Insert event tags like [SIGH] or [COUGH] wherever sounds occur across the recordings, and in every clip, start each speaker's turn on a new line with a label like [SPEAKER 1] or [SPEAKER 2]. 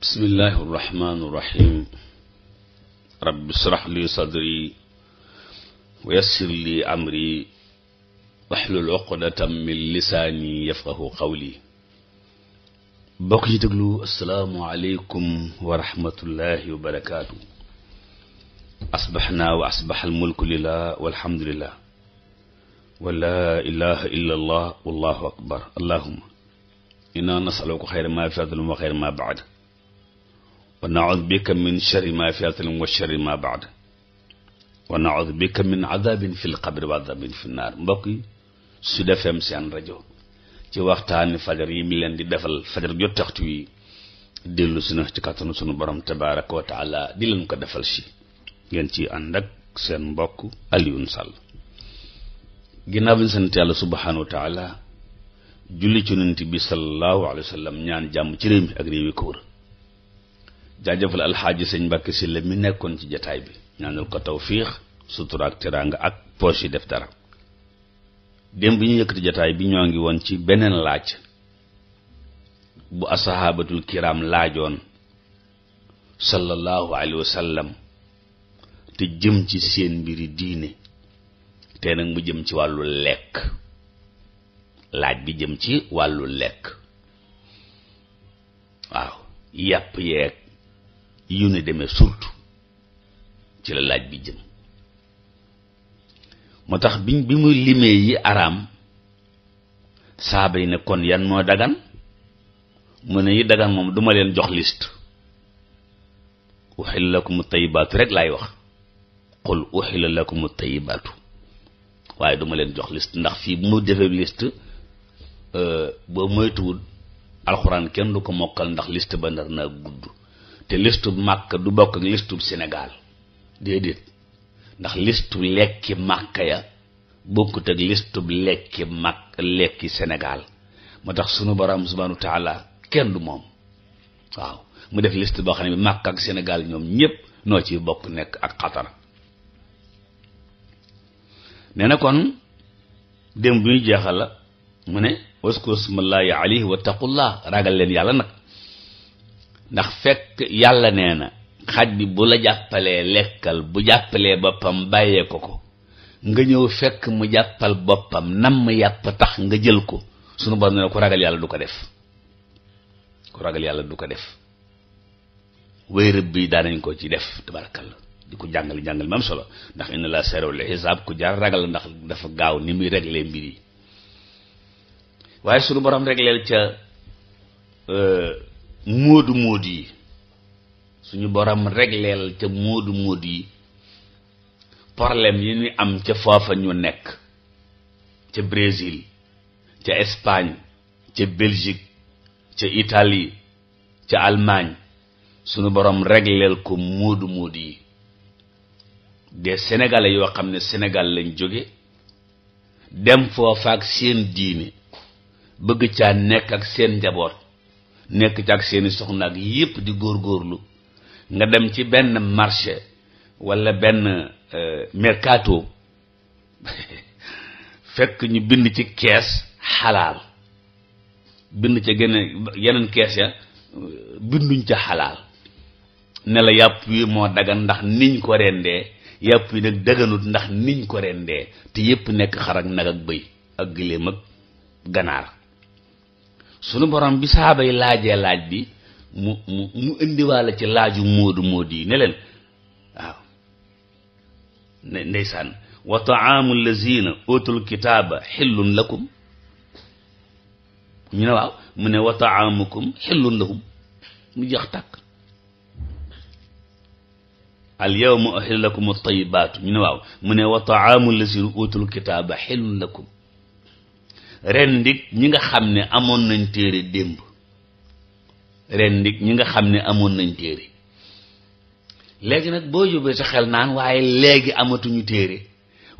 [SPEAKER 1] bismillahi irrahmani irrahim rabbi israh li sadri wa yassir li amri waxlul uqdatam min lisaani yafqahu qawli bokk ci déglu asalaamualeykum wa rahmatullahi wa barakaatu asbaxnaa wa asbax almulku lillah walhamdulillah wa laa ilaha illa allah wallahu akbar allahuma inna nasaluka xayra ma fi wa xayra ma baada wa naud bika min sharri ma fi asalim wa sharri ma baad wa naud bika min adabin fi lqabri wa adabin fi naar mbokk yi Sud seen rajo ci waxtaani fajar yi mi leen di defal fajar jot waxtu yi dellu si na ci kàttanu sunu borom tabaraka wa taala di leen ko defal si ngeen ci ànd ak seen mbokk Alioune Sall ginnaaw bi ñu sant yàlla subhaanahu wa taala julli ci yonent bi sallallahu alayhi wa sallam ñaan jàmm ci réew ak réew yi jaajëfal alxaaji sëñ Mbàkke Sylla mi nekkoon ci jataay bi ñaanal ko tawfiix sutura ak teraanga ak poche yi def dara démb bi ñu yëkkati jataay bi ñoo ngi woon ci beneen laaj bu asahabatul kiram laajoon sallallahu alayhi wa te jëm ci seen mbiri diine te mu jëm ci wàllu lekk laaj bi jëm ci wàllu lekk waaw yàpp yeeg yu ne demee surtout ci la laaj bi jëm moo tax bi bi muy limee yi araam saaba yi ne kon yan moo dagan mu ne yi dagan moom duma leen jox list la ko lakum tayibaatu rek laay wax la ko lakum tayibaatu waaye duma leen jox list ndax fii bu mu defee liste euh, boo moytuwul alxuraan kenn du ko mokkal ndax list ba nar naa gudd te listub màkk du bokk ak listub senegaal déedéet ndax listu lekki màkk ya bokkut ak listub lekki màkk lekki Sénégal moo tax sunu borom subaanu wa kenn du moom waaw mu def list boo xam bi màkk ak Sénégal ñoom ñépp noo ci bokk nekk ak xatar nee na kon démb bu ñu jeexal la mu ne waskur smallahi alayhi wa taqullah ragal leen yàlla nag ndax fekk yàlla nee na xaj bi bu la jàppalee lekkal bu jàppalee boppam bàyyee ko ko nga ñëw fekk mu jàppal boppam namm yàpp tax nga jël ko sunu borom nee na ku ragal yàlla du ko def ku ragal yàlla du ko def wéy rëbb yi daan nañ ko ci def tabarakallah di ko jàngale jàngale ma solo ndax inna la serewul xisaab ku jar ragal ndax dafa gaaw ni muy régler mbir yi waaye sunu borom régleel ca euh, móodu móodu yi suñu borom regleel ca móodu móodu yi problème yi ñu am ca foofa ñu nekk ca Brésil ca Espagne ca Belgique ca Italie ca almaañ suñu boroom regleel ko móodu móodu yi des sénégalais yoo xam ne senegal lañ jóge dem foofa ak seen diine bëgg caa nekk ak seen njaboot nekk ci ak seeni soxna ak yépp di góor góorlu nga dem ci benn marché walla benn euh, mercato [LAUGHS] fekk ñu bind ci kees xalaal bind ca gene yeneen kees ya euh, binduñ ca xalaal ne yàpp yi moo dagan ndax niñ ko rendee yàpp yi nag daganut ndax niñ ko rendee te yépp nekk xarak ak nag ak bëy ak giléem ak ganaar sunu borom bi saaba yi laajee laaj bi mu mu mu indiwaale ci laaju móodu móodu yi ne leen waaw ne ndeysaan wa taamu lazina utul kitaaba xillun lakum ñu ne waaw mu ne wa taamukum xillun lahum mu jeex tàkk al yawma uhilla lakum at-tayyibaatu ñu ne waaw mu ne wa taamu lazina utul kitaaba xillun lakum ren ndig ñi nga xam ne amoon nañ téere démb ren ndig ñi nga xam ne amoon nañ téere léegi nag boo yóbbee sa xel naan waaye léegi amatuñu téere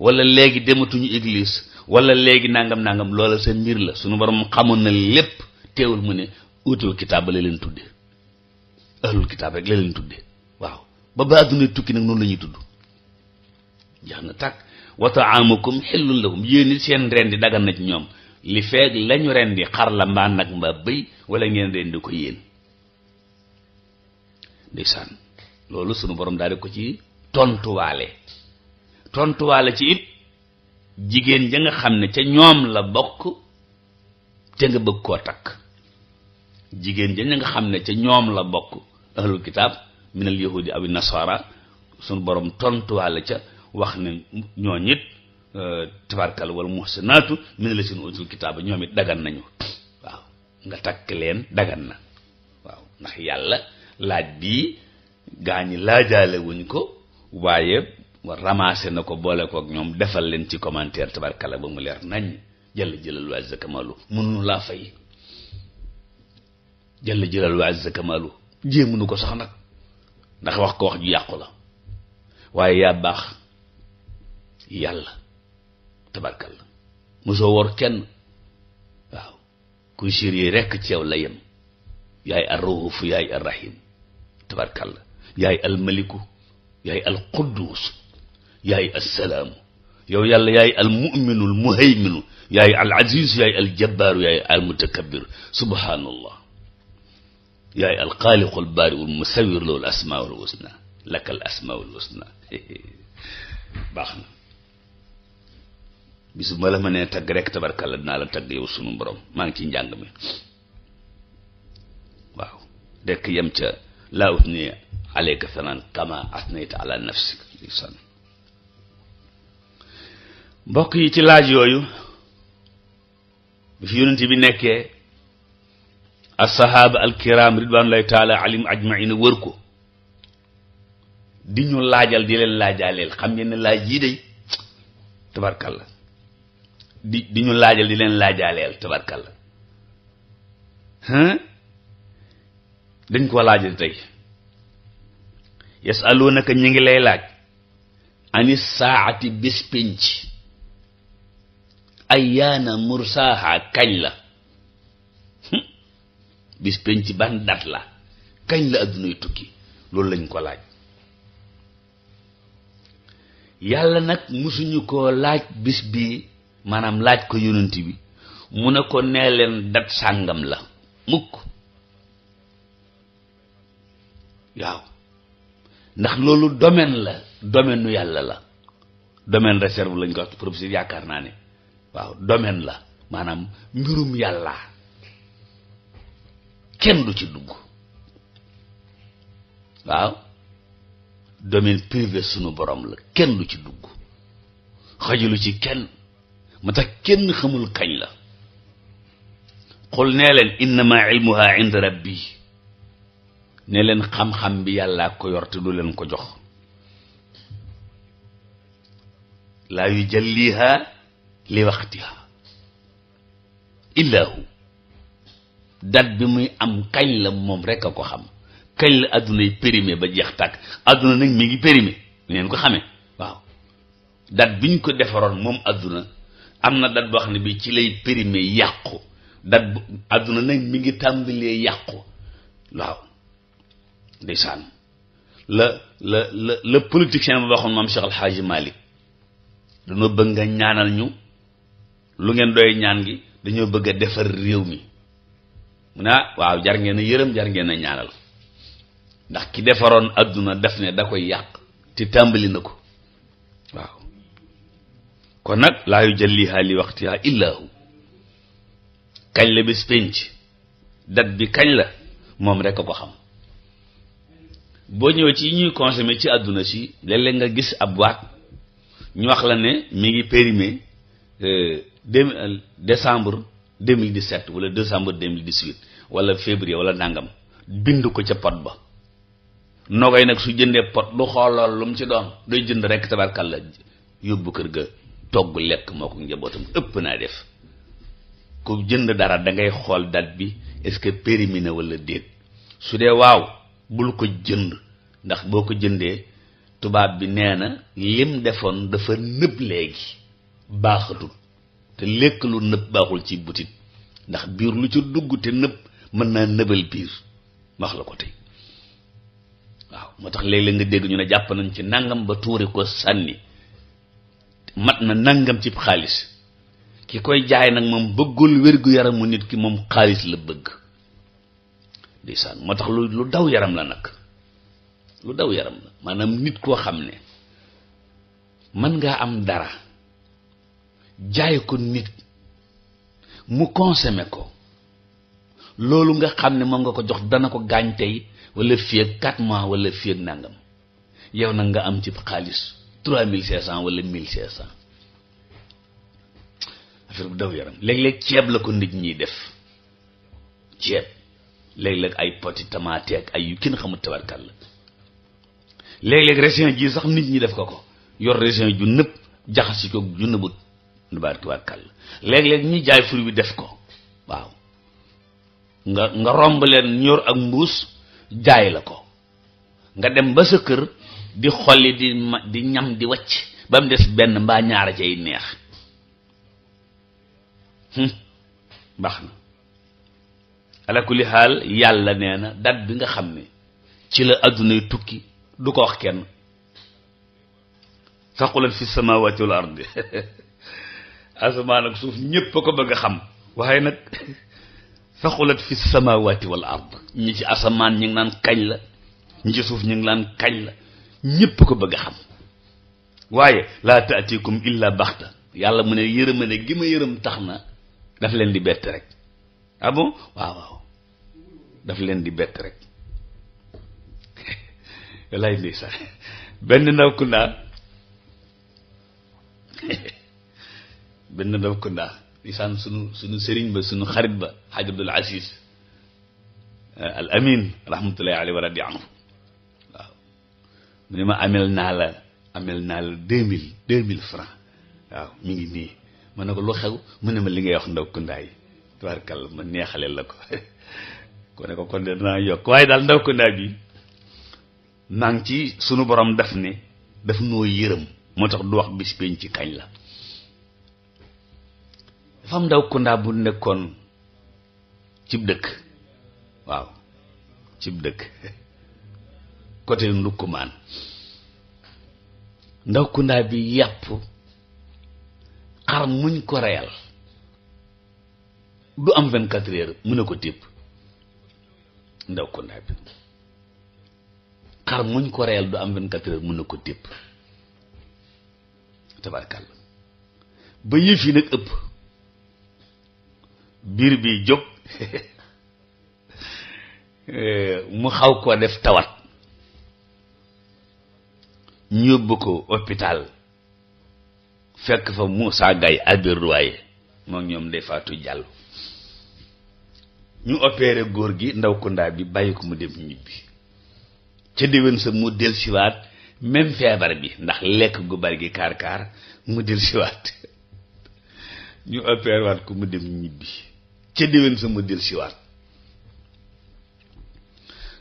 [SPEAKER 1] wala léegi dematuñu église wala léegi nangam nangam loola sa mbir la suñu borom xamoon na lépp teewul mu ne utul kitaab ba la leen tudde ahlul kitaab rek la leen tudde waaw ba ba adduna tukki nag noonu la ñuy tudd jeex na tàkk wa taamukum xillul lahum yéen it seen ren di dagan na ci ñoom li feeg lañu rendi xar la mbaa nag mbaa bëy wala ngeen rendi ko yéen ndeysaan loolu sunu borom daal di ko ci tontuwaale tontuwaale ci it jigéen ja nga xam ne ca ñoom la bokk te nga bëgg koo takk jigéen ja nga xam ne ca ñoom la bokk ahlul kitaab minal yahudi awi nasara sunu borom tontuwaale ca wax ne ñooñit Euh, tabarkal wal muhsanaatu min la seen utul kitaaba ñoom it dagan nañu waaw nga takk leen dagan na waaw ndax yàlla laaj bi gaa ñi laajaale wuñ ko waaye ramassé na ko boole kook ñoom defal leen ci commentaire tabarkala ba mu leer nañ jëlla jëlal wa azza kamalu mënunu laa fay jëlla jëlal wa azza kamalu jéemunu ko sax nag ndax wax ko wax ju yàqu la waaye yaa baax yàlla tabarkal la mosoo wor kenn waaw kuy siir yi rekk ci yow la yem yaay arrahuufu yaay arrahim tabarkal la yaay almaliku yaay alquddus yaay assalaamu yow yàlla yaay almuminu almuhayminu yaay alaziz yaay aljabbaaru yaay almutakabbiru subhaanallah yaay alxaaliqu albaari almusawir loolu asmaul husna laka al asmaul husna [LAUGHS] baax na bis bu ma la mënee tagg rek tabarkalla dinaa la tagg yow sunu borom maa ngi ci njàng mi waaw dekk yem ca laa ut ni aleyka sanaan kama asnayta ala nafsika ihsan yi ci laaj yooyu bi fi yonent bi nekkee asahaba alkiram ridwanullahi taala alim ajmaina wër ko di ñu laajal di leen laajaaleel xam ngeen ne laaj yii day tabarkalla di di ñu laajal di leen laajaaleel tabarkalla dañ ko laajal tey yasalunaka ñi ngi lay laaj ani saati bis pinc ayyaana mursaaha kañ la bis penc ban dat la kañ la addunay tukki loolu lañ ko laaj yàlla nag musuñu koo laaj bis bii maanaam laaj ko yonent bi mu ne ko nee leen dat sàngam la mukk waaw ndax loolu domaine la domaine nu yàlla la domaine réserve lañ ko wax professeur yaakaar naa ne waaw domaine la maanaam mbirum yàlla kenn du ci dugg waaw domaine privé sunu borom la kenn du ci dugg xajalu ci kenn ma tax kenn xamul kañ la xul nee leen innama ilmuha inda rabbi ne leen xam-xam bi yàllaa ko yor du leen ko jox laa yujalliha li waxtiha illa hu dat bi muy am kañ la moom rek a ko xam kañ la àdduna yi périmé ba jeex takk àdduna nag mi ngi périmé ngeen ko xamee waaw dat bi ñu ko defaroon moom àdduna am na dat boo xam ne bi ci lay périmé yàqu dat bu àdduna nag mi ngi tàmbalee yàqu waaw ndeysaan la la la la politicien ba waxoon maam Cheikh Al Hadji Malick dañoo bëgg nga ñaanal ñu lu ngeen doy ñaan gi dañoo bëgg defar réew mi mu ne ah, waaw jar ngeen a yërëm jar ngeen a ñaanal ndax ki defaroon àdduna def ne da koy yàq te tàmbali na ko waaw kon nag laa jël li waqtiha illa hu kañ la bis pénc dat bi kañ la moom rek a ko xam boo ñëwee ci yi ñuy consommer ci àdduna si léeg-léeg nga gis ab waat ñu wax la ne mi ngi périmé euh, deux euh, décembre deux mille dix sept wala décembre deux mille dix huit wala février wala nangam bind ko ca pot ba noo koy nag su jëndee pot lu xoolool lu mu ci doon doy jënd rek tabarkàlla yóbbu kër ga togg lekk moo ko njabootam ëpp naa def ku jënd dara dangay xool date bi est-ce que périmé na wala déet su dee waaw bul ko jënd ndax boo ko jëndee tubaab bi nee na lim defoon dafa nëb léegi baaxatul te lekk lu nëb baaxul ci butit ndax biir lu ci dugg te nëb mën naa nëbal biir wax la ko tey waaw moo tax léeg-léeg nga dégg ñu ne jàpp nañ ci nàngam ba tuuri ko sànni mat na nangam ci xaalis ki koy jaay nag moom bëggul wér-gu-yaramu nit ki moom xaalis la bëgg ndeysaan moo tax lu lu daw yaram la nag lu daw yaram la maanaam nit koo xam ne mën nga am dara jaay ko nit mu consommer ko loolu nga xam ne moom nga ko jox dana ko gaañ tey wala fii ak quatre mois wala fii ak nàngam yow nag nga am ci xaalis trois mille cinq cent walla mille cinq cent affaire bu daw yaram léeg-léeg ceeb la ko nit ñiy def ceeb léeg-léeg ay pot tamaate ak ay yu kenn xamul tabarkal la léeg-léeg ji sax nit ñi def ko yor région ju nëpp jaxasi ko ju nëbbut nubaar tabarkal la léeg-léeg ñi jaay fur bi def ko waaw nga nga romb leen ñor ak mbuus jaay la ko nga dem ba sa kër di xolli di di ñam di wacc ba mu des benn mbaa ñaara cay neex baax na ala xaal yàlla nee na dat bi nga xam ni ci la àdduna yu tukki du ko wax kenn saqulat fi samawati wal ardi [LAUGHS] asamaan ak suuf ñépp a ko bëgg a xam waaye nag saqulat fi samawati wal ard ñi ci asamaan ñi ngi naan kañ la ñi ci suuf ñi ngi naan kañ la ñépp ko bëgg a xam waaye laa taatikum illa baxta yàlla mu ne yërëmane ne gima yërëm tax na daf leen di bett rek abo ah waaw waaw daf leen di bett rek lay [LAUGHS] ndey sax benn ndaw kundaa [LAUGHS] benn ndaw kundaa lisaan sunu sunu sëriñ ba sunu xarit ba xaaj abdul aziz al amin rahmatullahi alayhi wa radi mu ne ma amel naa la amel naa la deux mille deux mille francs waaw mi ngi nii ma ne ko lu xew mu ne ma li ngay wax ndaw kundaay tubaarkàlla ma neexale la ko [LAUGHS] ko ne ko kon de yokk waaye daal ndaw kundaay bi maa ci sunu borom daf ne daf noo yërëm moo tax du wax bis peñ ci kañ la dafa am ndaw kundaa bu nekkoon cib dëkk waaw cib dëkk [LAUGHS] côté ndukkumaan ndaw kundaa bi yàpp xar muñ ko reyal du am vingt quatre mu ne ko tépp ndaw kundaa bi xar muñ ko reyal du am vingt quatre heures mun na ko tépp tabarkàlla ba yëf yi nag ëpp biir bi jóg [LAUGHS] eh, mu xaw koo def tawat ñu yóbbu ko hôpital fekk fa Moussa Gaye Albert Royer moom ñoom ndey faatu ñu opéré góor gi ndaw kundaa bi bàyyi mu dem ñibbi ca déwén mu del même feebar bi ndax lekk gu bari gi kaar mu del ñu opéré waat ko mu dem ñibbi ca sa mu del siwaat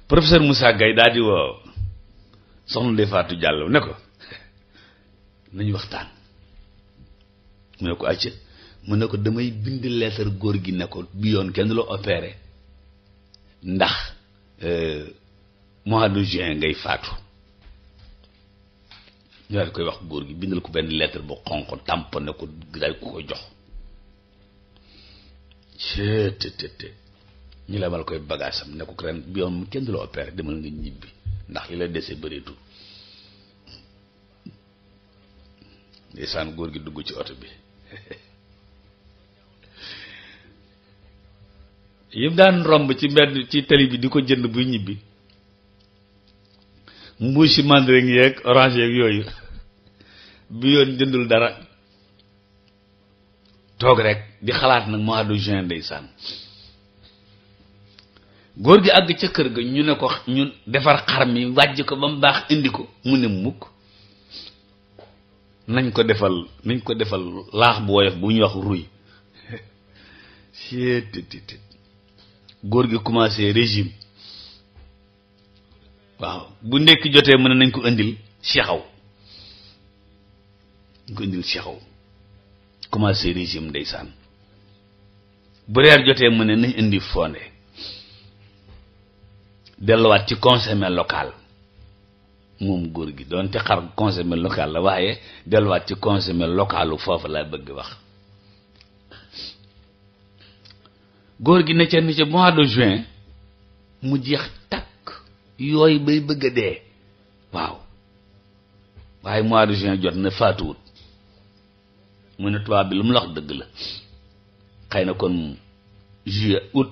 [SPEAKER 1] professeur Moussa Gaye daal di soxna Ndeye faatu jàll ne ko [LAUGHS] nañu waxtaan mu ne ko acca mu ne ko damay bind leetar góor gi ne ko bi yoon kenn la opéré ndax euh, mois de juin ngay faatu ñu daal koy wax góor gi bindal ko benn lettre bu xonq tàmp ne ko daal ko ko jox cee te te ñu lebal koy bagaasam ne ko ren bi yoon kenn du la opéré demal nga ñibbi ndax li la dese bëreetul ndeysaan góor gi dugg ci oto bi yim daan romb ci mbedd ci tali bi di ko jënd buy ñibbi mbuus si mandarin yeeg orange yeeg yooyu bi yoon jëndul dara toog rek di xalaat nag mois de juin ndeysaan góor gi àgg ca kër ga ñu ne ko ñu defar xar mi wàjj ko ba mu baax indi ko mu ne mukk nañ ko defal nañ ko defal laax bu woyof bu ñuy wax ruy seet góor gi commencé régime waaw bu ndekki jotee mën nañ ko indil sexaw nañ ko indil sexaw commencé régime ndeysaan bu reer jotee mu ne nañ indi fonde delluwaat ci consommé local moom góor gi doonte xar consommé local la waaye delluwaat ci consommé localu foofu laa bëgg wax góor gi ne ca ni ci mois de juin mu jeex takk yooyu bay bëgg a dee waaw waaye mois de juin jot na faatuwut mu ne tubaab lu mu la dëgg la xëy na kon juillet août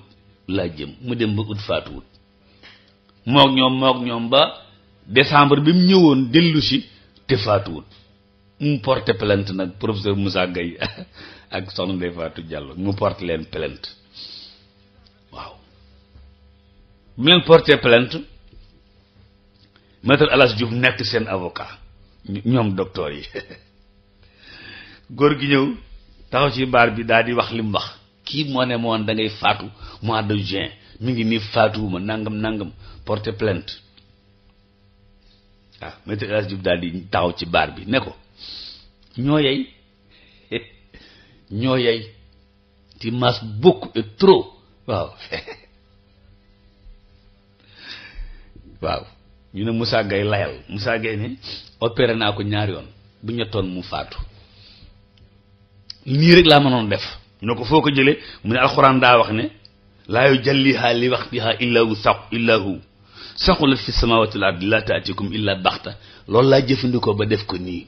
[SPEAKER 1] laa jëm mu dem ba août faatuwut mook ñoom mook ñoom ba décembre bi mu ñëwoon dellusi si te faatuwul mu porte plainte nag professeur Moussa Gueye [LAUGHS] ak soxna Ndeye Fatou Diallo mu porte leen plainte waaw mu leen porte plainte maître Alas Diouf nekk seen avocat ñoom docteur yi [LAUGHS] góor gi ñëw taxaw ci baar bi daal di wax li mu wax kii moo ne moon da ngay faatu mois de juin mi ngi nii faatuwuma nangam nangam porter plainte waaw ah, maître El Hadji di taxaw ci baar bi ne ko ñoo yey [LAUGHS] ñoo yey ti mas beaucoup et trop [LAUGHS] waaw ñu ne Moussa Gueye layal Moussa ne opéré naa ko ñaar yoon bu ñettoon mu faatu nii rek laa mënoon def ñoo ko foo ko jëlee mu ne alxuraan daa wax ne laa yujalliha li waxtiha illa hu saq illa hu saqulat fi samawati l ardi la taatikum illa baxta loolu laa jëfandikoo ba def ko nii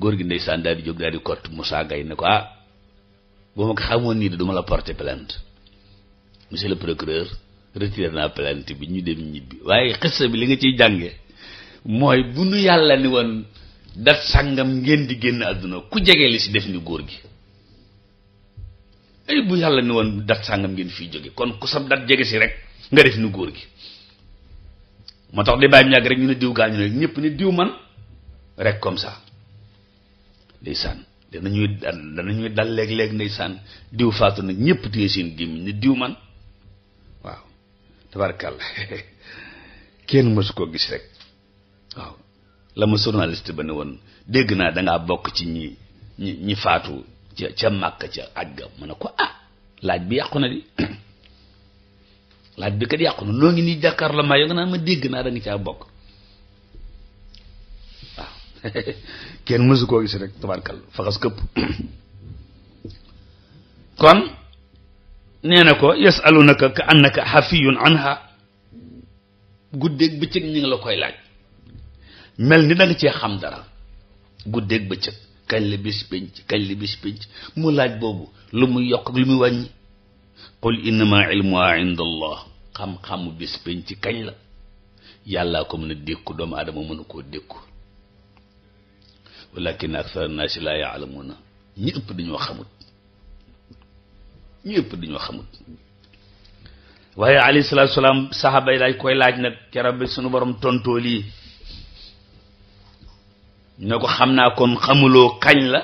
[SPEAKER 1] góor gi ndeysaan daal di jóg daal di kott Moussa Gaye ne ko ah boo ma ko xamoon nii de duma la porter plainte monsieur le procureur naa plainte bi ñu dem ñibbi waaye xissa bi li nga ciy jànge mooy bu nu yàlla ni woon dat sàngam ngeen di génn àdduna ku jege li si def ni góor gi ay eh, bu yàlla ni woon dat sàngam ngeen fii jóge kon ku sab dat jege si rek nga def nu góor gi moo tax di bàyyi ñàgg rek ñu ne diw gaañu ne ñëpp ni diw man rek comme ça ndeysaan danañuy dal danañuy dal léeg-léeg ndeysaan diw faatu na ñëpp téye seen gémmiñ ni diw man waaw tabarkàlla [LAUGHS] kenn mësu koo gis rek waaw la ma journaliste ba ne woon dégg naa dangaa bokk ci ñi ñi ñi faatu ca ca màkk ca aj ga ne ko ah laaj bi yàqu na di [CLEARS THROAT] laaj bi kat yàqu na noo ngi nii jàkkaar la maa yo nga naan ma dégg naa da nga caa bokk waaw [LAUGHS] kenn mësu koo gis rek tabarkal faxas këpp [CLEARS THROAT] kon nee na ko yasalunaka ka annaka xafiyun anha guddeeg bëccëg ñu ngi la koy laaj mel ni da nga cee xam dara guddeeg bëccëg kañ la bis kañ la bis mu laaj boobu lu mu yokk ak lu muy wàññi qul innama ilmuha inda allah xam-xamu bis pénc kañ la yàllaa ko mën a dékku doomu aadama mënu koo dékku walakin akthara naasi laa ya'lamuuna ñi ëpp dañoo xamut ñi ëpp dañoo xamut waaye alayhi salaatu salaam saxaaba yi laaj koy laaj nag keroog bi sunu borom tontool yi ñu ko xam naa kon xamuloo kañ la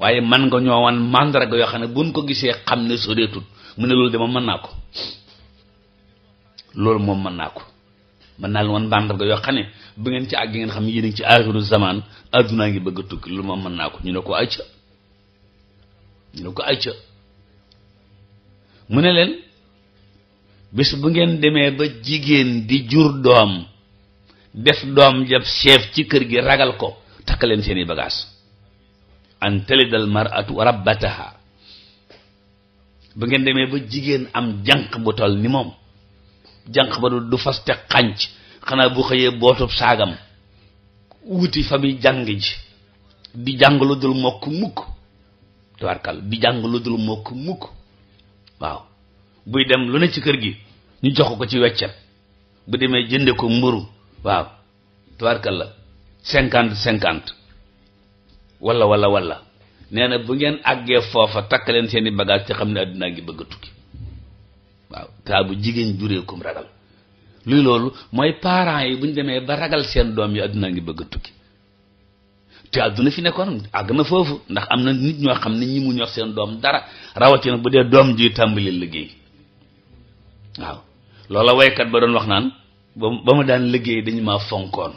[SPEAKER 1] waaye man nga ñoo wan màndarga yoo xam ne buñ ko gisee xam ne soreetul mu ne loolu de moom mën naa ko loolu moom mën naa ko mën naa leen wan màndarga yoo xam ne bu ngeen ci àgg ngeen xam yéen a ngi ci aaxiru zaman addunaa ngi bëgg tukki loolu moom mën naa ko ñu ne ko acca ñu ne ko acca mu ne leen bis bu ngeen demee ba jigéen di jur doom def doom jab chef ci kër gi ragal ko takk leen seeni bagaas an talidal mar'atu rabbataha ba ngeen demee ba jigéen am jànq bu toll ni moom jànq ba du faste xànc xanaa bu xëyee bootub saagam wuti fa jàng ji di jàng lu dul mokk mukk tubaarkal di jàng lu dul mokk mukk waaw buy dem lu ne ci kër gi ñu jox ko ci weccet bu demee jënde ko mburu waaw tubaarkal la cinquante cinquante wala wala walla nee na bu ngeen àggee foofa takk leen seen i bagage ci xam ne àddinaa ngi bëgg a tukki waaw taa bu jigéen jureekum ragal luy loolu mooy parents yi bu ñu demee ba ragal seen doom yi àdduna ngi bëgg a tukki te àdduna fi nekkoon àgg na foofu ndax am na nit ñoo xam ne ñi mu ñor seen doom dara rawatina bu dee doom ji tàmbali liggéey waaw loola woykat ba doon wax naan ba mu daan liggéey dañu maa fonkoon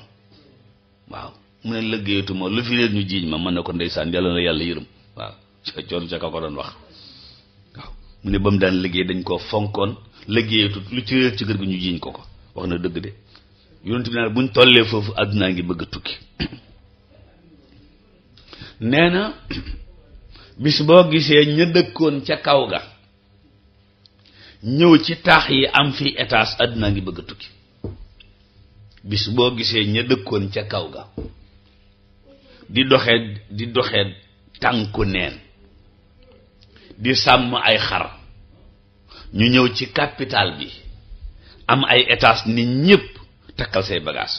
[SPEAKER 1] waaw mu ne lëggéeyatuma lu fi réer ñu jiiñ ma mën na ko ndeysaan yàlla na yàlla yërëm waaw [LAUGHS] coon ca ka ko doon wax waaw mu ne ba mu daan liggéey dañ koo fonkoon liggéeyatu lu ci réer ci kër gi ñu jiiñ ko ko wax na dëgg de yonent bi naan buñ tollee foofu àddunaa ngi bëgg tukki [CLEARS THROAT] nee na [CLEARS THROAT] bis boo gisee ña dëkkoon ca kaw ga ñëw ci taax yi am fii étage àddunaa ngi bëgg tukki bis boo gisee ña dëkkoon ca kaw ga di doxee di doxee tànku neen di sàmm ay xar ñu ñëw ci capital bi am ay étage ni ñëpp takkal say bagage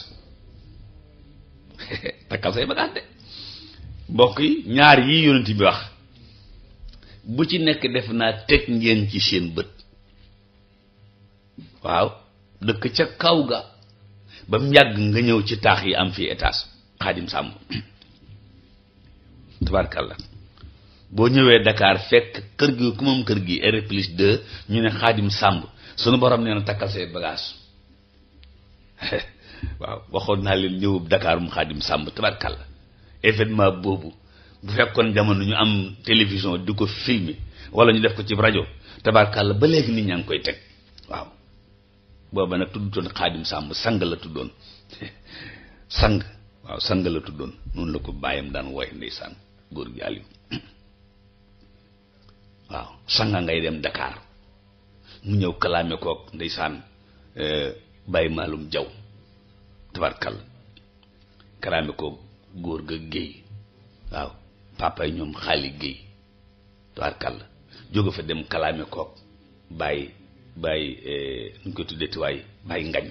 [SPEAKER 1] [LAUGHS] takkal de mbokk ñaar yi yonent bi wax bu ci nekk def naa teg ngeen ci seen bët waaw dëkk ca kaw ga ba mu yàgg nga ñëw ci taax yi am fii étage xaadim sàmm [CLEARS THROAT] la boo ñëwee dakaar fekk kër gi ku moom kër gi R plus ñu ne xaadim sàmb sunu borom nee na takkal say bagage [LAUGHS] waaw waxoon naa leen ñëwub dakaar mu xaadim sàmb tabarkalla événement boobu bu fekkoon jamono ñu am télévision di ko filmer wala ñu def ko ci rajo la ba léegi nit ñaa ngi koy teg waaw booba nag tuddutoon xaadim sàmb sang la tuddoon sang waaw sang la tuddoon noonu la ko bàyyam daan wooye ndeysaan góor gi Aliou waaw sanga ngay dem Dakar mu ñëw kalaame kook ndeysaan eh, bàyyi maalum jaw tabarkal kalaame kook góor ga géey waaw papa ñoom xaali géey tabarkal jóge fa dem kalaame kook bàyyi bàyyi eh, nu ñu koy tuddee tiwaay bàyyi ngañ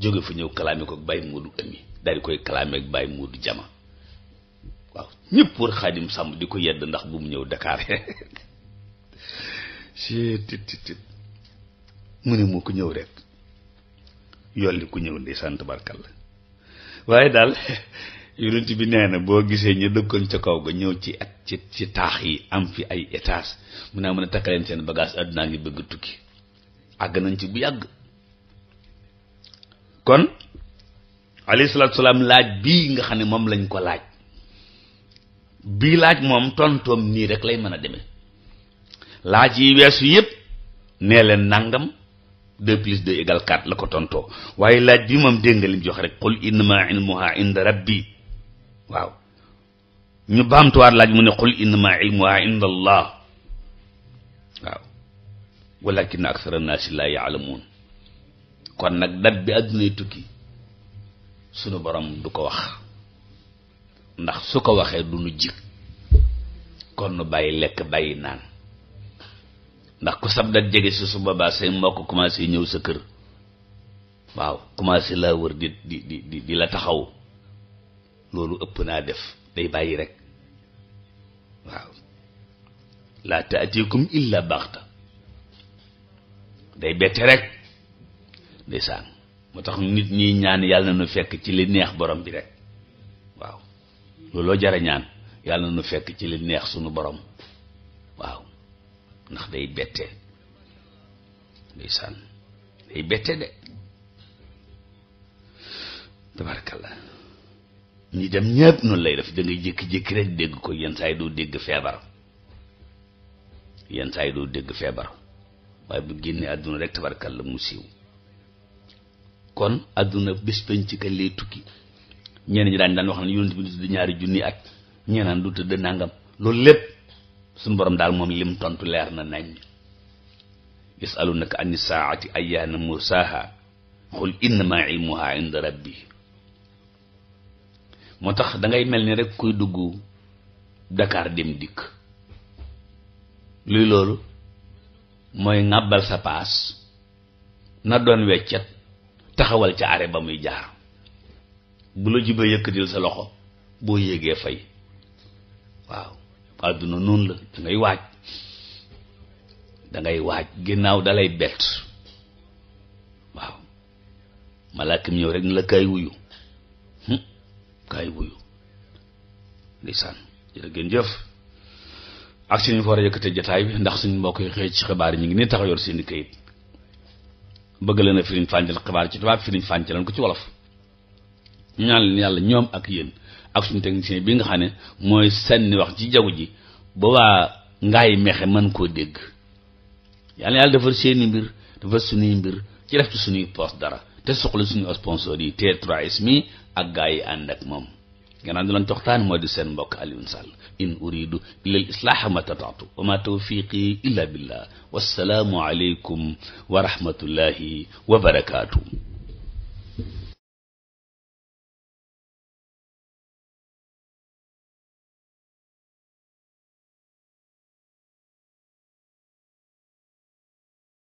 [SPEAKER 1] jóge fu ñëw kalaame ko bàyyi Moodu Ami daal di koy kalaame ak bàyyi du Jama waaw ñépp war Xaadim sàmm di ko yedd ndax bu mu ñëw Dakar [LAUGHS] si tit tit tit mu ne moo ko ñëw rek yolli ku ñëw ndey sant barkal la waaye daal [LAUGHS] yonent bi nee na boo gisee ñu dëkkoon ca kaw ga ñëw ci at ci ci taax yi am fi ay étage mun naa ah, mën a takkaleen seen bagage àddunaa ngi bëgg tukki àgg nañ ci bu yàgg kon alayhi salaatu salaam laaj bii nga xam ne moom lañ ko laaj bii laaj moom tontoom nii rek lay mën a demee laaj yi weesu yëpp nee leen nangam deux plus deux égale la ko tontoo waaye laaj bii moom dégg nga lim jox rek qul innama ilmuha inda rabbi waaw ñu baamtuwaat laaj mu ne qul innama ilmuha inda allah waaw walakin aksara naasi laa yaalamuun kon nag dat bi àddunay tukki sunu borom du ko wax ndax su ko waxee du nu jig kon nu bàyyi lekk bàyyi naan ndax ku sab dat jege si su babaa say mbokk commencé ñëw sa kër waaw commencé laa wër di di di di la taxaw loolu ëpp naa def day bàyyi rek waaw laa taatikum illa baxta day bette rek ndeysaan moo tax nit ñi ñaan yàlla na nu fekk ci li neex borom bi rek waaw looloo jara ñaan yàlla na nu fekk ci li neex sunu borom waaw ndax day bette ndeysaan day bette de tabarakallah ñi dem ñëpp noonu lay def da ngay jékki-jékki rek dégg ko yenn saa yi doo dégg feebar yenn saa yi doo dégg feebar waaye bu génnee àdduna rek tabarkal la mu siiw kon àdduna bés penc ka lay tukki ñeen ñi daan daan wax ne yonent bi du tëdd ñaari junni at ñeenaan du tëdd nangam loolu lépp suñu borom daal moom lim tontu leer na nañ yasalunaka ani saati ayyaana mursaaha qul innamaa ilmuhaa inda rabbi moo tax dangay mel ni rek kuy dugg dakaar dem dikk luy loolu mooy ŋàbbal sa paas na doon weccet taxawal ca arrêt ba muy jaar bu la jubee yëkkatil sa loxo boo yéegee fay waaw àdduna noonu la da ngay waaj da waaj ginnaaw dalay bett waaw malaaka mi rek ni la kay wuyu kaay wuyu ndeysaan jërë ngeen jëf ak si ñu fa war a jataay bi ndax suñu mbokk yi xëy ci xibaar yi ñu ngi nii tax yor seeni kayit bëgg leen a firiñ fàncal xibaar ci tubaab firiñ fàncalan ko ci wolof ñu ñaan leen yàlla ñoom ak yéen ak suñu technicien bi nga xam ne mooy sànni wax ci jaww ji ba waa ngaay mexe mën koo dégg yàlla yàlla defar seeni mbir defar suñuy mbir ci def ci suñuy poste dara te soxla suñu sponsor yi T3S ak gaa yi ànd ak moom gannaaw di leen joxtaan moo di seen mbokk Alioune Sall in uridu illa al islaaha ma tataatu wa ma tawfiqi illa billah wassalaamu aleykum wa rahmatullahi wa barakaatu